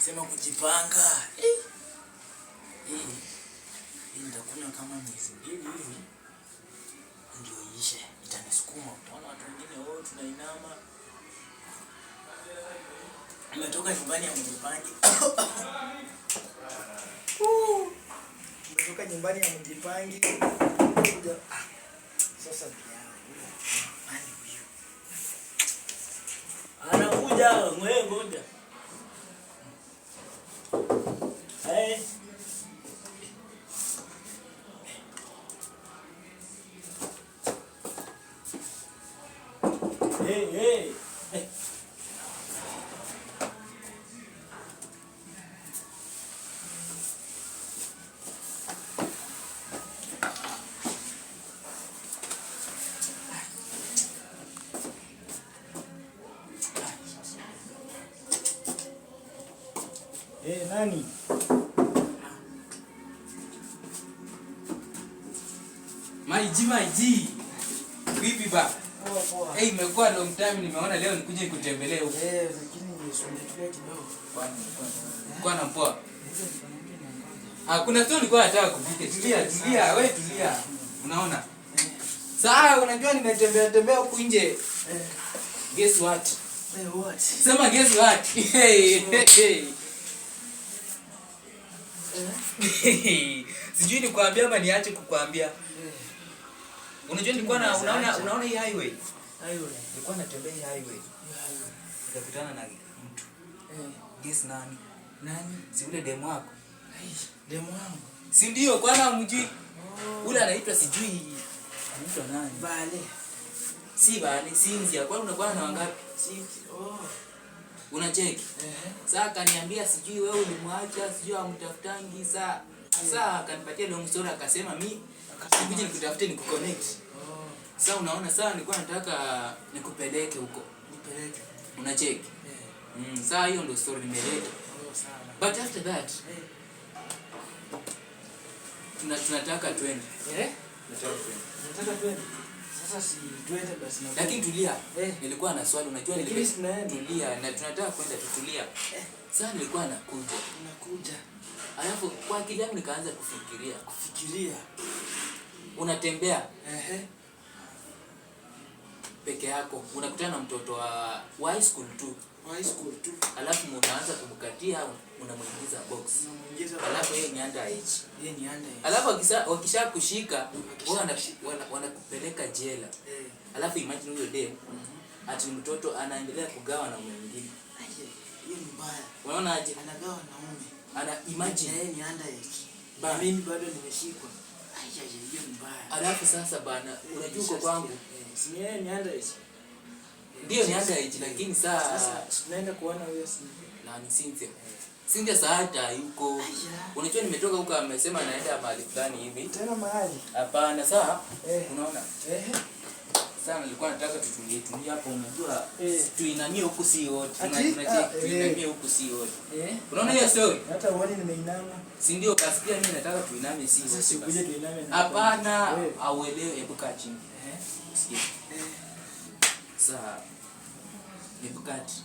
sema kujipanga eh. eh. Hii nitakunywa kama miezi mbili hivi ndio ishe, itanisukuma. Utaona watu wengine wao oh, tunainama, umetoka nyumbani ya Mjipangi umetoka nyumbani ya Mjipangi sasa anakuja ngoja ええええ何毎日毎日 We be b a c Hey, eh, imekuwa long time nimeona leo nikuje nikutembelee huko. Eh, lakini nimesumbua kidogo. Kwa na poa. Hakuna story kwa nataka kupika. Tulia, tulia, wewe tulia. Unaona? Sasa unajua nimetembea tembea huku nje. Eh. Guess what? Hey, eh, what? Sema guess what? Hey, hey. hey. Sijui nikwambia ama niache kukwambia. Unajua nilikuwa na unaona unaona hii highway. Highway. Nilikuwa natembea hii highway. Nikakutana na mtu. Eh. Guess nani? Nani? Si ule demo wako. demo wangu. Si ndio kwa na mjui. Oh. Ule anaitwa sijui. Anaitwa nani? Vale. Si vale, Sinzia. Kwa unakuwa na wangapi? Si. Oh. Unacheki? Eh. Sasa kaniambia sijui wewe ulimwacha, sijui amtafutangi saa sasa akanipatia long story akasema mi sikuje nikutafute ni nikukonnect. Sasa unaona sasa nilikuwa nataka nikupeleke huko. Nipeleke. Unacheki? Yeah. Mm, sasa hiyo ndio story nimeleta. Oh, sana. But after that, yeah. Tuna tunataka twende. Eh? Yeah? Nataka twende. Nataka twende. Sasa si tuende basi na. Lakini tulia. Eh. Nilikuwa na swali unajua nilikuwa tulia na tunataka kwenda tutulia. Eh. Sasa nilikuwa nakuja. Nakuja. Alafu kwa akili yangu nikaanza kufikiria, kufikiria. Unatembea. Ehe. Peke yako unakutana na mtoto wa high school tu high school tu, alafu mtaanza kumkatia, munamuingiza box, alafu yeye ni age. yeye ni age. alafu wakisha kushika wao wanakupeleka jela. Eh. Alafu imagine huyo dem mm-hmm. ati mtoto anaendelea kugawa na mwingine, Aje. hiyo ni mbaya. Unaona aje, anagawa na mume, ana imagine yeye ni age. ba mimi bado nimeshikwa, Aje aje hiyo ni mbaya. Alafu sasa bana, eh, unajua kwangu, eh, si yeye ni age. Ndio ni hata underage lakini saa tunaenda kuona huyo Cynthia. Na Cynthia. Cynthia saa hata yuko. Unajua nimetoka huko amesema naenda mahali fulani hivi. Tena mahali. Hapana saa eh. unaona. Eh. Sana nilikuwa nataka tutulie tulia hapo unajua eh. tuinamie huku si wote. Ah, eh. Tuinamie huku si wote. Eh. Unaona hiyo story? Hata uone nimeinama. Si ndio kasikia mimi nataka tuiname si wote. Sasa ukuje tuiname. Hapana, auelewe hebu kaa chini. Eh. Usikie. 是啊，你不该提。